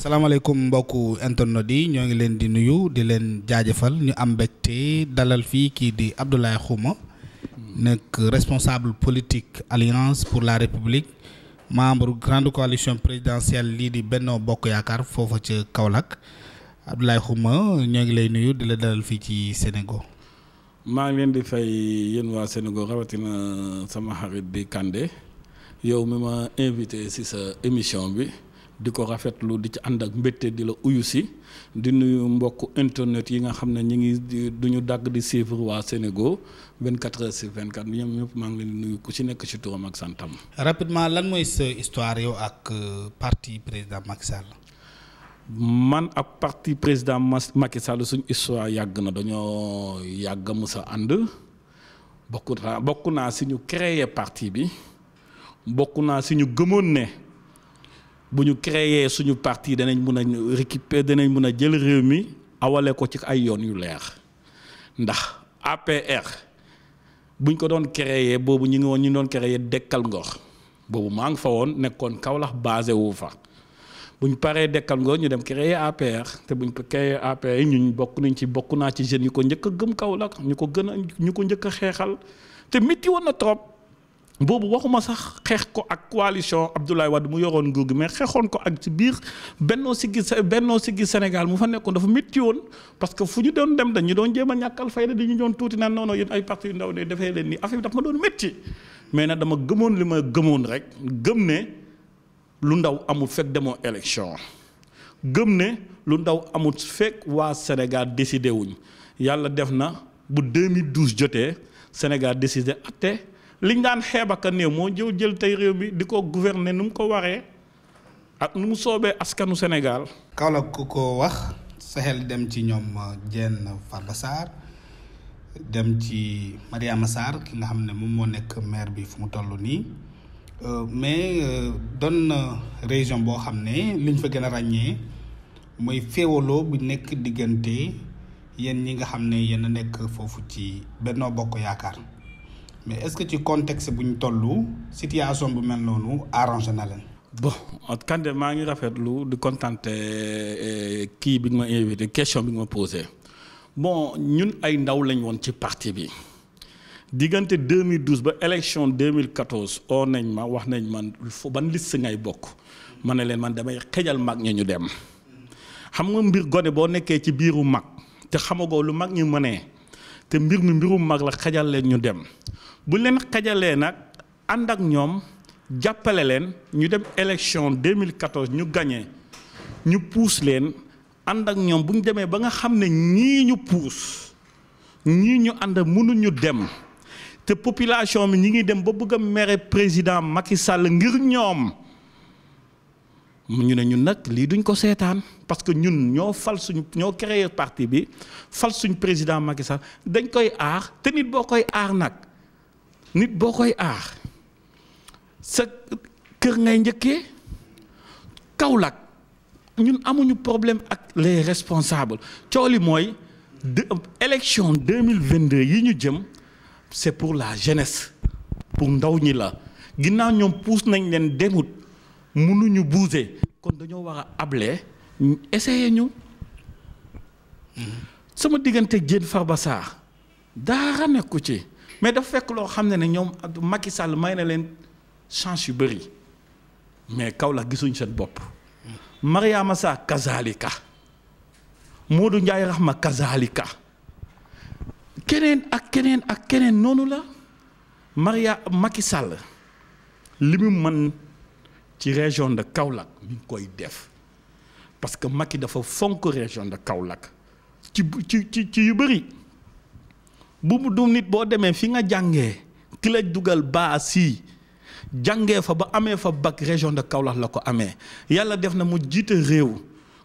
salaamaaleykum mbokku internet yi ñoo ngi leen di nuyu di leen jaajëfal ñu am mbégte dalal fii kii di Abdoulaye xuma nekk responsable politique alliance pour la république membre grande coalition présidentielle lii di Benno Bokk Yaakaar foofa ca Kaolack Abdoulaye Khouma ñoo ngi lay nuyu di la dalal fii ci Sénégal. maa ngi leen di fay yéen waa Sénégal rawatina sama xarit bi Kandé yow mi ma invité ci sa émission bi. di ko rafetlu di ci ànd ak mbégte di la uyu si di nuyu mbokk internet yi nga xam ne ñi ngi du ñu dàgg di suivre waa Sénégal 24 heures sur 24 ñoom ñëpp maa ngi leen nuyu ku ci nekk ci turam ak santam. rapidement lan mooy sa histoire yow ak euh, parti président Macky Sall. man ak parti président Macky Sall suñu histoire yàgg na dañoo yàgg sa ànd bokk naa bokk naa si ñu créer parti bi bokk naa si ñu gëmoon ne. bu ñu créer suñu parti danañ mun a récupérer danañ mun a jël réew mi awale ko ci ay yoon yu leer ndax APR buñ ko doon créer boobu ñu ngi woon ñu doon créer dekkal ngor boobu maa ngi fa woon nekkoon Kaolack basé wu fa buñ paree dekkal ngor ñu dem créer APR te bu buñ créer APR ñun bokk nañ ci bokk naa ci jeunes yu ko njëkk gëm Kaolack ñu ko gën a ñu ko njëkk a xeexal te métti woon na trop. boobu waxuma sax xeex ko ak coalition Abdoulaye Wade mu yoroon nguur mais xeexoon ko ak ci biir bennoo siggi bennoo siggi Sénégal mu fa nekkoon dafa métti woon parce que fu ñu doon dem dañu doon jéem a ñàkkal fayda di ñu doon tuuti naan noonu yéen ay parti yu ndaw ne defee leen nii affaire bi dafa ma doon métti mais na dama gëmoon li ma gëmoon rek gëm ne lu ndaw amul fekk demoo élection gëm ne lu ndaw amul fekk waa Sénégal décidé wuñ yàlla def na bu 2012 jotee Sénégal décidé atte liñ daan xeeb a néew moo jëw jël tey réew bi di ko gouverner ni mu ko waxee ak nu mu soobee askanu Sénégal. Kaolack ku ko wax sa xel dem ci ñoom uh, Diène Farba Sarr dem ci Mariama Sarr ki nga xam ne moom moo nekk maire bi fu mu toll nii uh, mais uh, doon na région boo xam ne liñ fa gën a ràññee mooy féewaloo bu nekk diggante yéen ñi nga xam ne yéen a nekk foofu ci bennoo Bokk Yaakaar. mais est-ce que ci contexte bu ñu toll situation bu mel noonu arrangé na leen. bon Kande maa ngi rafetlu di kontante eh, kii bi nga ma invité question bi ma pose bon ñun ay ndaw lañ woon ci partie bi diggante 2012 ba élection 2014 oo nañ ma wax nañ man ban liste ngay bokk ma ne leen man damay xejal mag ñi ñu dem xam nga mbir gone boo nekkee ci biiru mag te xamagoo lu mag ñu mënee te mbir mi mbiru mag la xejal leen ñu dem. bu leen xajalee nag ànd ak ñoom jàppale leen ñu dem élection 2014 ñu gañe ñu puus leen ànd ak ñoom bu ñu demee ba nga xam ne ñii ñu puus ñii ñu ànd mënuñu dem te population bi ñu ngi dem ba bëgg a mere président Macky Sall ngir ñoom ñu ne ñun nag lii duñ ko seetaan parce que ñun ñoo fal suñu ñoo créer partie bi fal suñu président Macky Sall dañ koy aar te nit boo koy aar nag. nit boo koy aar sa kër ngay njëkkee Kaolack ñun amuñu problème ak les responsables coow li mooy de élection deux mille vingt deux yi ñu jëm c'est pour la jeunesse pour ndaw ñi la ginnaaw ñoom puus nañ leen demut mënuñu bouger kon dañoo war a able ñu essayer ñu sama diggante Diène Farba Sarr daara nekku ci. mais dafa fekk loo xam ne ne ñoom Macky sàll may na leen chance yu bëri mais Kaolack gisuñ seen bopp. Mariama Sa kazalika Modou Ndiaye Rahma kazalika keneen ak keneen ak keneen noonu la Maria Macky Sall limu mu mën ci région de Kaolack mi koy def parce que Macky dafa fonk région de Kaolack ci ci ci yu bëri. bu mu du nit boo demee fi nga jàngee ki dugal baas yi jàngee fa ba amee fa bac région de Kaolack la ko amee yàlla def na mu jiite réew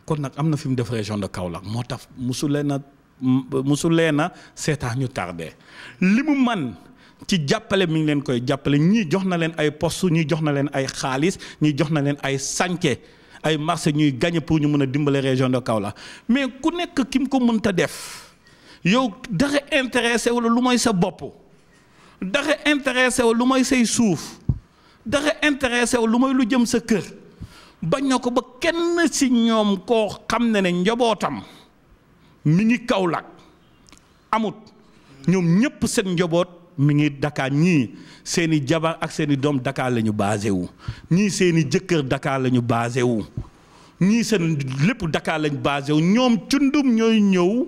kon nag am na fi mu def région de Kaolack moo tax musu leen a musu leen a seetaan ñu tardé li mu man ci jàppale mi ngi leen koy jàppale ñii jox na leen ay poste ñii jox na leen ay xaalis ñii jox na leen ay sànke ay marché ñuy gagné pour ñu mën a dimbale région de Kaolack mais ku nekk ki mu ko mënta def. yow daxa intéressé la lu mooy sa bopp daxa intéressé wala lu mooy say suuf daxa intéressé wala lu mooy lu jëm sa kër bañ na ko ba kenn si ñoom koo xam ne ne njabootam mi ngi Kaolack amut ñoom ñëpp seen njaboot mu ngi Dakar ñii seeni jabar ak seen i doom Dakar la ñu basé wu ñii seen jëkkër Dakar ñu basé wu ñii seen lépp Dakar lañ basé wu ñoom cundum ñooy ñëw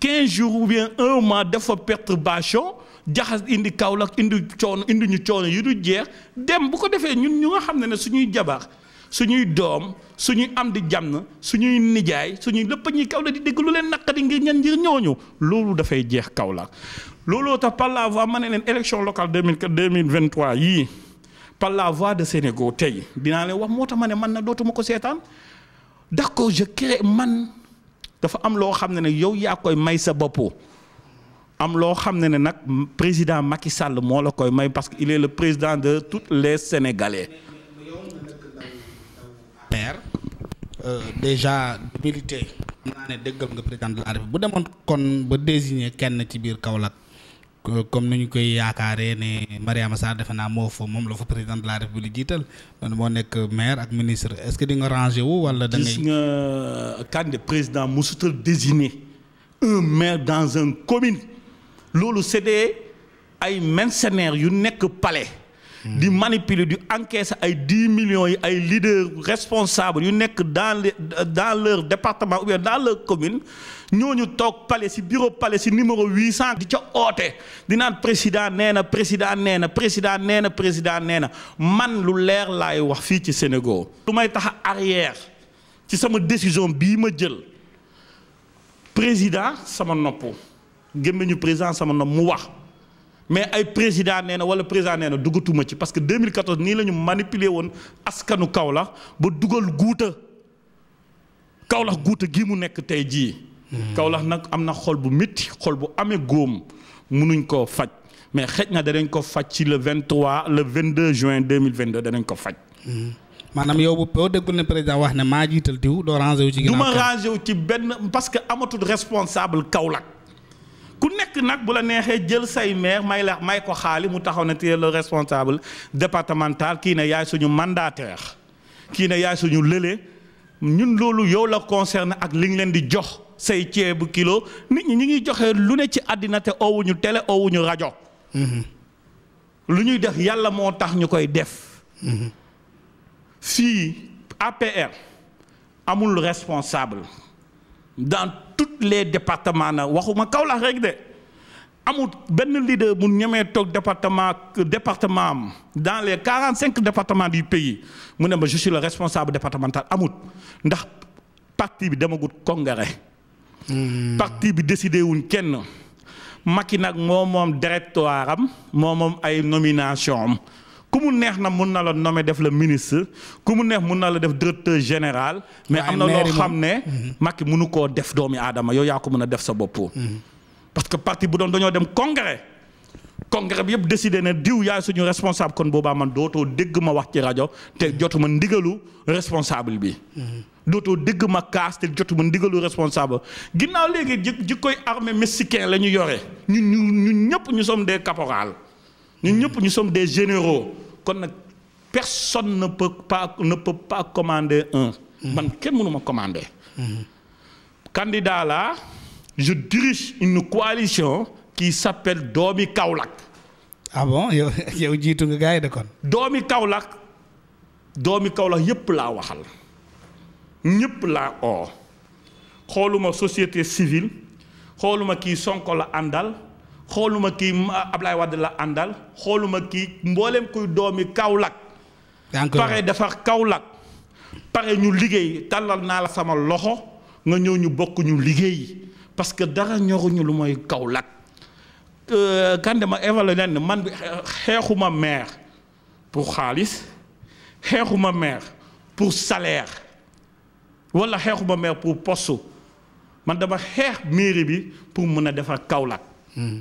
15 jours ou bien un mois dafa perte bâchon jaxas indi Kaolack indi coono indi ñu coono yu du jeex dem bu ko defee ñun ñu nga xam ne ne suñuy jabar su ñuy doom su ñuy am di jàmm suñuy nijaay suñuy lépp a ñuy Kaolack di dégg lu leen naqari ngir ñan ngir ñooñu loolu dafay jeex Kaolack looloo tax par la voie ma ne leen élection locale 2004 2023 yii par la voie de Sénégal tey dinaa leen wax moo tax ma ne man na dootuma ko seetaan d'accord je crée man. dafa am loo xam ne ne yow yaa koy may sa bopp am loo xam ne ne nag président Macky Sall moo la koy may parce que il est le président de tous les Sénégalais. maire euh, déjà milité. naa ne déggal nga président de la République bu demoon kon ba désigner kenn ci biir Kaolack. comme ni ñu koy yaakaaree ne Mariama Sarr defe naa moo fa moom la fa président de la république jiital man moo nekk maire ak ministre est-ce que di nga rangé wu wala. da ngay gis nga candidat président musutal désigner un maire dans une commune loolu c'est des ay mercenaires yu nekk palais. di manipuler di encaisser ay dix millions yi ay leaders responsables yu nekk dans les leur département ou bien dans leur commune ñooñu toog palais si bureau palais si numéro huit cent di ca oote di naan président nee na président nee na président nee na président nee na man lu leer laay wax fii ci Sénégal lu may tax arrière ci sama décision bii ma jël président sama nopp gémmiñu président sama nopp mu wax mais ay président nee na wala président nee na duggatuma ci parce que 2014 nii la ñu manipuler woon askanu Kaolack ba dugal guuta Kaolack guuta gii mu nekk tey jii. Hmm. kawlax nag am na xol bu métti xol bu amee góom munuñ koo faj mais xëj na danañ ko faj ci le 23 le 22 juin 2022 danañ ko faj. Hmm. maanaam yow boo déggul ne président wax ne maa jiital diw doo rangé wu ci. ginnaaw du wu ci benn parce que amatul responsable Kaolack. ku nekk nag bu la neexee jël say maire may la may ko xaali mu taxaw na téye le responsable départemental kii ne yaay suñu mandataire kii ne yaay suñu lële ñun loolu yow la concerne ak li leen di jox say ceebu kilo nit ñi ñi ngi joxe lu ne ci àddina te owuñu télé owuñu rajo. Mhm. lu ñuy def yàlla moo tax ñu koy def. Mhm. fii APR amul responsable dans. toutes les départements na waxuma Kaolack rek de amul benn leader mu ñemee toog département département am dans les quarante cinq départements du pays mu ne ma je suis responsable départemental amut ndax parti bi demagut congrès hmm. parti bi décidé wuñ kenn Macky nag moo moom am moo ay nomination am ku neex na mun na la nommer def la ministre ku neex mun na la def directeur général. mais am na loo xam ne. Mhm. Macky munu koo def doomi aadama yow yaa ko mën a def sa bopp. Mhm. parce que parti bu doon dañoo dem congrès. congrès bi yëpp décidé ne diw yaay suñu responsable kon boobaa man dootoo dégg ma wax ci rajo te jotuma ndigalu responsable bi. Mhm. dootoo dégg ma kaas te jotuma ndigalu responsable ginnaaw léegi ji ji koy armée mexicain la ñu yore ñun ñu ñun ñëpp ñu sommes des caporaux. ñun ñëpp ñu sommes des généraux kon nag personne ne peut pas ne pas commander un. Mhm. man kenn mënu ma commander. kandidaa mhm. la je dirige une coalition qui s'appelle Doomi Kaolack. ah yow jiitu nga gars yi de kon. Doomi Kaolack Doomi Kaolack yëpp laa waxal ñëpp laa oo xooluma société civile xooluma kii Sonko la àndal. xooluma kii Ablaye Wade la àndal xooluma kii mboolem kuy doomi Kaolack. pare defar Kaolack. pare ñu liggéey tàllal naa la sama loxo nga ñëw ñu bokk ñu liggéey parce que dara ñoruñu lu mooy Kaolack. Euh, Kande ma évalué leen man xeexuma maire pour xaalis xeexuma maire pour salaire wala xeexuma maire pour poste man dama xeex mairie bi pour mën a defar Kaolack. Hmm.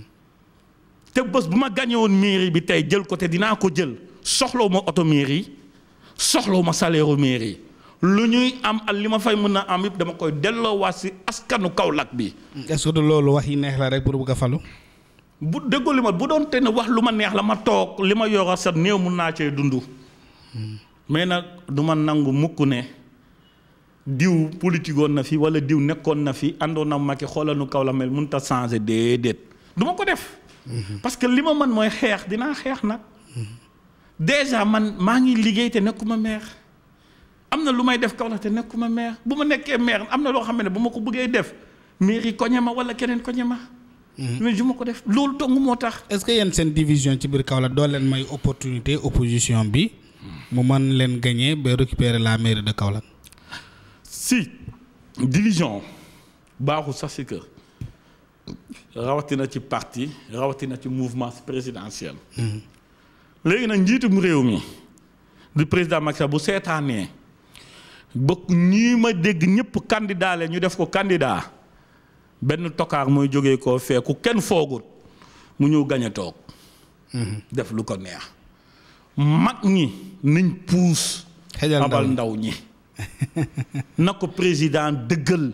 te bés bu ma gagné woon mairie bi tey jël ko te dinaa ko jël soxlawu ma oto mairie soxlawu ma salaire mairie lu ñuy am ak li ma fay mën a am yëpp dama koy delloo delloowaat si askanu Kaolack bi. est-ce loolu wax yi neex la rek pour bëgg a falu. bu déggoo li ma bu doon te ne wax lu ma neex la ma toog li ma yor sa néew mun naa cee dundu mais nag du ma nangu mukk ne diw politikoon na fi wala diw nekkoon na fi àndoon na Macky xoolal nu kaw la mel mënut a changer déedéet du ko def. Mhm. parce que li ma man mooy xeex dinaa xeex na déjà man maa ngi liggéey te nekkuma meex am na lu may def Kaolack te nekkuma meex bu ma nekkee meex am na loo xam ne bu ma ko bëggee def mairie koñe ma wala keneen koñe ma. Mhm. mais ju ma ko def loolu dong moo tax. est-ce que yéen seen division ci biir Kaolack doo leen may opportunité opposition bi mu man leen gagner ba récupérer la mairie de Kaolack. si division baaxul sax si kër. rawatina ci parti rawatina ci mouvement présidentiel. Mhm. léegi nag njiitum réew mi du président Macky bu seetaanee ba ñii ma dégg ñëpp candidat ñu def ko kandidaa benn tokaar mooy jógee koo feeku kenn foogut mu ñëw gañ a toog. Mhm. def lu ko neex. mag ñi nañ puus. abal ndaw ñi na ko président dëggal.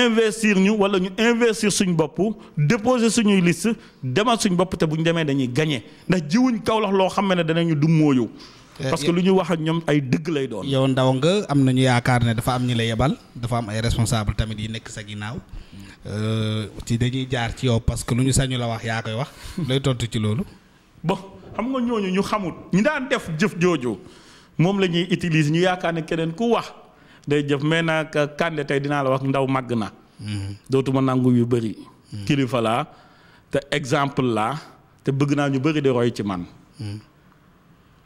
investir ñu wala ñu investir suñu bopp déposer suñuy list demal suñ bopp te bu ñu demee dañuy gagné ndax jiwuñ lax loo xam ne danañu du mooyu eh, parce que lu ñu wax ak ñoom ay dëgg lay doon. yow ndaw nga am nañu yaakaar ne dafa am ñu la yebal dafa am ay responsable tamit yi nekk sa ginnaaw euh, ci dañuy jaar ci yow parce que lu ñu sañu la wax yaa koy wax. lay tontu ci loolu. bo xam nga ñooñu ñu xamut ñu daan def jëf jooju moom la ñuy utiliser ñu yaakaar ne keneen ku day jëf mais nag euh, Kande tey dinaa la wax ndaw màgg na. Mhm. dootuma nangu yu bari mhm. kilifa laa te exemple laa te bëgg naa ñu bëri di roy ci man. Mhm.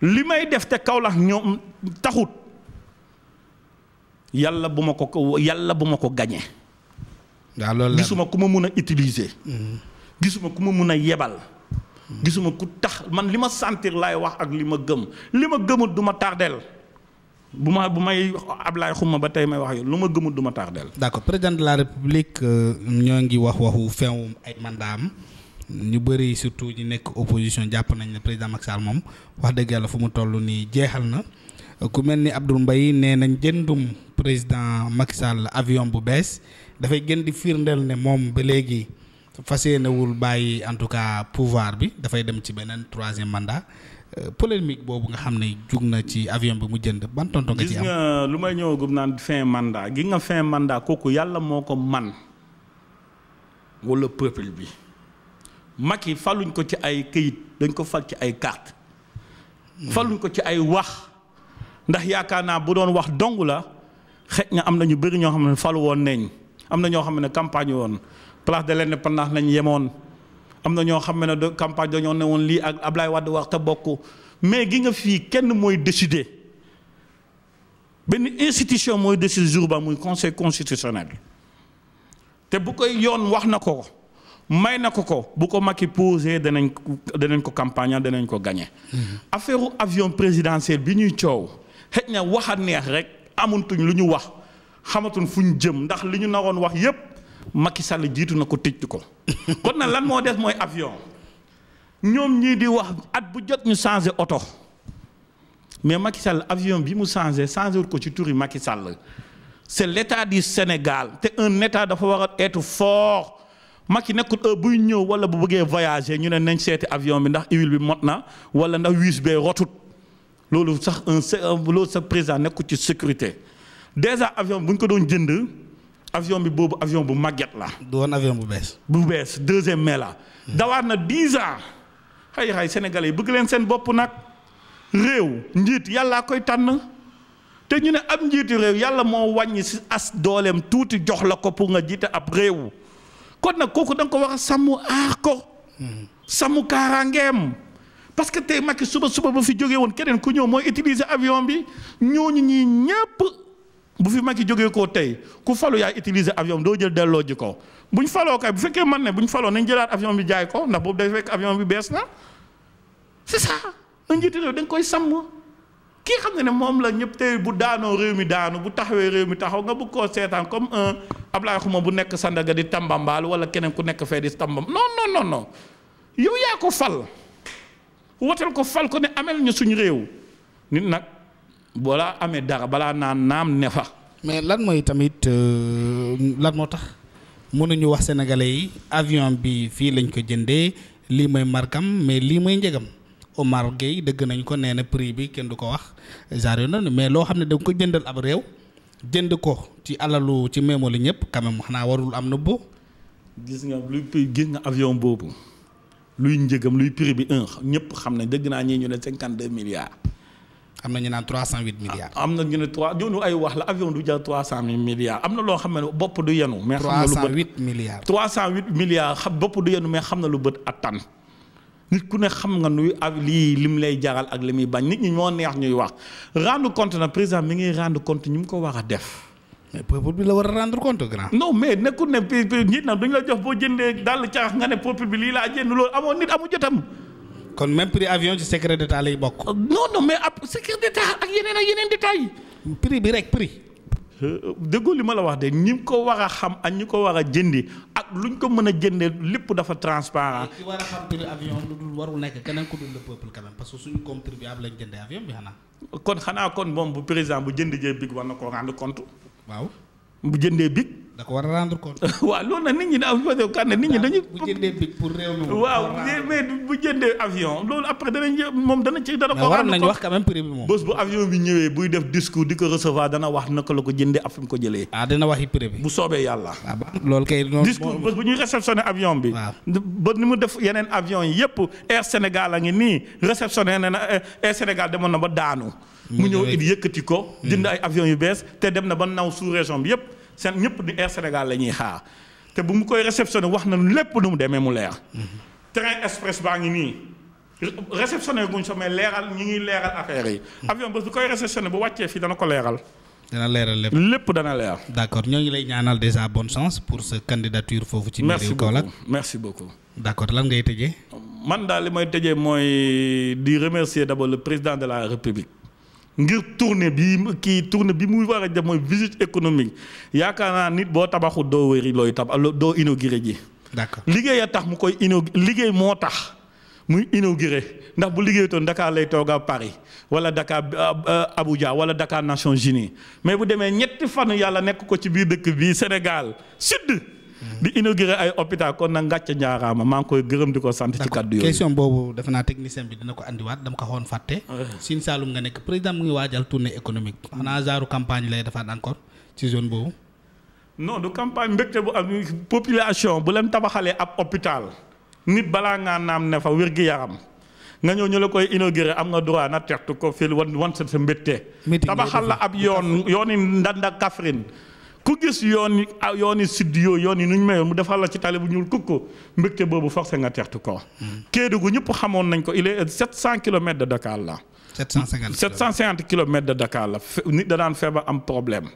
li may def te Kaolack ñoom taxut yàlla bu ma ko yàlla bu ma ko gañe loolu gisuma ku ma mun a utiliser. gisuma ku ma mun a yebal. gisuma ku tax man li ma santir laay wax ak li ma gëm li ma gëmut du ma tardeel bu ma bu may Ablaye xuma ba tey may wax yow lu ma gëmul du ma taax del d'accord président de la république euh, ñoo ngi wax waxu feewum ay am ñu bëri surtout ñu nekk opposition jàpp nañ ne président Macky moom wax dëgg yàlla fu mu toll nii jeexal na ku mel ni Abdoul mbay nee nañ jëndum président Macky Sall avion bu bees dafay gën di firndeel ne moom ba léegi fas yéenewul bàyyi en tout cas pouvoir bi dafay dem ci beneen troisième mandat Euh, polémique boobu nga xam ne jug na ci avion bi mu jënd ban tontu nga ci am. gis nga lu may ñëwagum naan fin mandat gi nga fin mandat kooku yàlla moo ko man wala peuple bi Macky faluñ ko ci ay këyit dañ ko fal ci ay carte faluñ ko ci ay wax ndax yaakaar naa bu doon wax dong la xëj na am na ñu bëri ñoo xam ne falu woon nañ am na ñoo xam ne campagne woon place de l'Indépendance lañ yemoon. am na ñoo xam ne ne campagne dañoo ne woon lii ak Ablaye Wade wax te bokk mais gi nga fii kenn mooy décider benn institution mooy décider jour ba muy conseil constitutionnel te bu koy yoon wax na ko ko may na ko ko bu ko Macky posé danañ danañ ko campagne danañ ko gagné. Mm-hmm. affaire avion présidentiel bi ñuy coow xëj na waxa neex rek amuntuñ lu ñu wax xamatuñ fu ñu jëm ndax li ñu naroon wax yépp Macky Sall jiitu na ko tëj ko kon nag lan moo des mooy avion ñoom ñii di wax at bu jot ñu changé oto mais Macky Sall avion bi mu changé changé wul ko ci turi Macky Sall c' est l' état du Sénégal te un état dafa war a être fort Macky nekkul heure buy ñëw wala bu bëggee voyager ñu ne nañ seeti avion bi ndax huile bi mot na wala ndax huile bee rotut loolu sax un loolu sa président nekkul ci sécurité déjà avion bu ñu ko doon jënd. avion bi boobu avion bu màgget la. du woon avion bu bees. bu bees deuxième la. Hmm. dawaat na dix ans xay xay sénégalais yi bëgg leen seen bopp nag réew njiit yàllaa koy tànn te ñu ne ab njiitu réew yàlla moo wàññi si as dooleem tuuti jox la ko pour nga jiite ab réew kon nag kooku da nga ko wax a sàmm aar ko. Hmm. sàmm kaaraangeem. parce que tey Macky suba suba ba fi jógee woon keneen ku ñëw mooy utiliser avion bi ñooñu ñii ñëpp. bu fi Macky jógee koo tey ku falu yaay utiliser avion doo jël delloo ji ko bu ñu faloo kay bu fekkee man ne bu ñu faloo nañ jëlaat avion bi jaay ko ndax boobu day fekk bi bees na c'est ça na koy sàmm kii ne moom la ñëpp tey bu daanoo réew mi daanu bu taxawee réew mi taxaw nga bëgg koo seetaan comme un Ablaye Xuma bu nekk Sandaga di tambambaal wala keneen ku nekk fee di tambam non non non non yow yaa ko fal wotal ko fal ko ne amel ñu suñu réew nit nag. boo laa amee dara balaa naan naam ne fa. mais lan mooy tamit euh, lan moo tax mënuñu wax sénégalais yi avion bi fii lañ ko jëndee lii mooy markam mais lii mooy njëgam Omar Gueye dëgg nañ ko nee na prix bi kenn du ko wax genre yu noonu mais loo xam ne da ko jëndal ab réew jënd ko ci alalu ci mémoire ñëpp quand même xanaa warul am na bu gis nga luy gis nga avion boobu luy njëgam luy prix bi un ñëpp xam ne dëgg naa ñii ñu ne cinquante deux milliards. am na ñu naan trois cent huit milliards. Ah, am na ñu loo xam ne bopp du yenu. mais xam na lu bët trois cent huit milliards. trois nit ku ne xam nga nuy ak lii lim lay jaral ak li muy bañ nit ñi ñoo neex ñuy wax rend compte na président mi ngi rend compte ñu mu ko wax a def. mais peuple la war a rendre compte grand. non mais nekkul ne nit nag duñ la jox boo jëndee dàll caax nga ne peuple lii laa jënd loolu amoon nit amu jotam. kon même prix avion ci secret d'état lay bokk. non non mais ab secret d'état ak yeneen ak yeneen détails yi. prix bi rek prix. Euh, déggoo li ma la wax de ñi ko war a xam ak ñi ko war a jëndi ak lu luñ ko mën a jëndee lépp dafa transparent. ki war a xam prix avion lu dul warul nekk kenn ku dul le peuple quand même parce que suñu contribuable lañ jëndee avion bi xanaa. kon xanaa kon moom bu président bu jënd jee big war na koo rendre compte. waaw bu jëndee big. da ko war a rendre compte. waaw loolu nag nit ñi da am foofu carnet nit ñi dañu. bu jëndee bi pour réew mi jëndee avion loolu après danañ moom dana ci dana. ko nañ wax quand même bi moom. bu avion bi ñëwee buy def discours di ko wax naka la ko jëndee ak fi mu ko jëlee. ah dina wax prix bi. bu soobee yàlla. Ah, loolu kay noonu discours bés bu ñuy réceptionné avion bi. ba ni mu def yeneen avion yi yëpp Air Sénégal a ngi nii réceptionné na Air Sénégal demoon na ba daanu. Mm, mu ñëw it yëkkati ko. jënd mm. ay avion yu bees te dem na ba naw sous région bi yëpp seen ñëpp di Air Sénégal la ñuy xaar te bu mu koy réceptionné wax na lépp nu mu demee mu leer. train express baa ngi nii réceptionné guñ so leeral ñi ngi leeral affaire yi. avion bés su koy réceptionné bu wàccee fii dana ko leeral. dana leeral lépp lépp dana leer. d' accord ñoo ngi lay ñaanal déjà bonne chance pour sa candidature foofu. ci mairie Kaolack merci beaucoup merci beaucoup. d' lan ngay tëjee. man daal li may tëjee mooy di remercier d' abord le président de la république. ngir tournée bi kii tournée bi muy war a def mooy économique yaakaar naa nit boo tabaxu doo wëri looy tabax doo inauguré ji. liggéey a tax mu koy inauguré liggéey moo tax muy inauguré ndax bu liggéeyutoon Dakar lay tooga Paris wala Dakar euh, euh, Abuja wala Dakar Nations Unies mais bu demee ñetti fan yàlla nekk ko ci biir dëkk bii Sénégal sud. Mm-hmm. di inaugurer ay hôpital kon nag ngàcc njaaraama maa ngi koy gërëm di ko sant ci kaddu yooyu question boobu defe naa technicien bi dina ko andiwaat dama ko xawoon fàtte Sine Saalum nga nekk président mu ngi waajal tournée économique xanaa genre campagne lay defaat encore ci zone boobu non du campagne mbégte bu am population bu leen tabaxalee ab hôpital nit balaa ngaa naam ne fa wér-gi-yaram nga ñëw ñu la koy inauguré am nga droit na tertu ko fii wan wan sa sa mbégte tabaxal la ab yoon yooni ndanda Kaffrine ku gis yoon yi ah yoon yi sidd yooyu yoon yi nu ñu mayoon mu defal la ci tali bu ñuul kukk ko mbégte boobu forcé nga teextu ko. Kédougou ñëpp xamoon nañ ko il est 700 kilomètres de Dakar la. 750 750 kilomètres la nit da daan feebar am problème.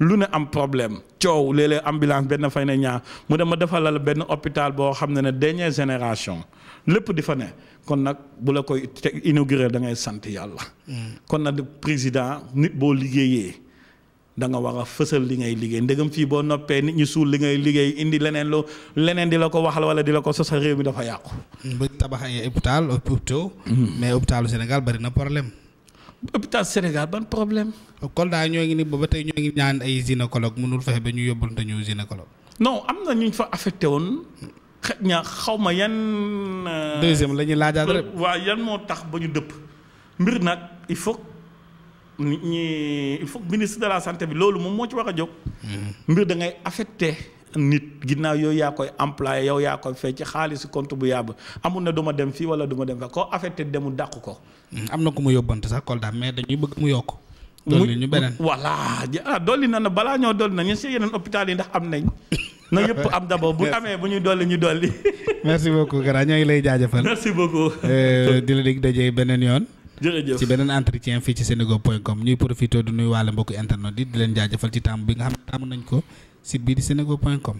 lu ne am problème coow léeg ambulance benn fay ne ñaar mu dem ma defalal benn hôpital boo xam ne ne dernière génération lépp di fa ne kon nag bu la koy teg inauguré da ngay sant yàlla. Mm. kon nag président nit boo liggéeyee. da nga war a fësal li ngay liggéey ndegam fii boo noppee nit ñi suul li ngay liggéey indi leneen loo leneen di la ko waxal wala di la ko sosal réew mi dafa yàqu. ba tabax ay hôpital hôpitaux. Mhm. mais hôpitalu Sénégal bari na problème. hôpital Sénégal ban problème. Kolda ñoo ngi ni ba tey ñoo ngi ñaan ay gynécologue mënul fexe ba ñu yóbbul te ñu gynécologue. non am na ñu fa affecté woon. xëy na xaw ma yan. Euh, deuxième la ñuy laajaat rek. waaw yan moo tax ba ñu dëpp. mbir nag il faut. nit ñi il faut ministre de la santé bi loolu moom moo ci wax a jóg. mbir da ngay affecté nit ginnaaw yooyu yaa koy employé yow yaa koy fay ci xaalis compte bu yàbb amul na duma dem fii wala duma dem fa ko affecté demul dàq ko. am na ku mu yóbbante sax Kolda mais dañuy bëgg mu yokk. mu ñu beneen voilà ah dolli na na balaa ñoo dolli na ñu si yeneen hôpital yi ndax am nañ. na yëpp am d'abord bu amee bu ñuy dolli ñu dolli. merci beaucoup Kara ñoo ngi lay jaajëfal. merci beaucoup. Euh, di la dig daje beneen yoon. jërëjëf ci beneen entretien fii ci senego point com ñuy profité du nuy waale mbokku internet yi di leen jaajëfal ci taamu bi nga xam ne taamu nañ ko site bii di senego point com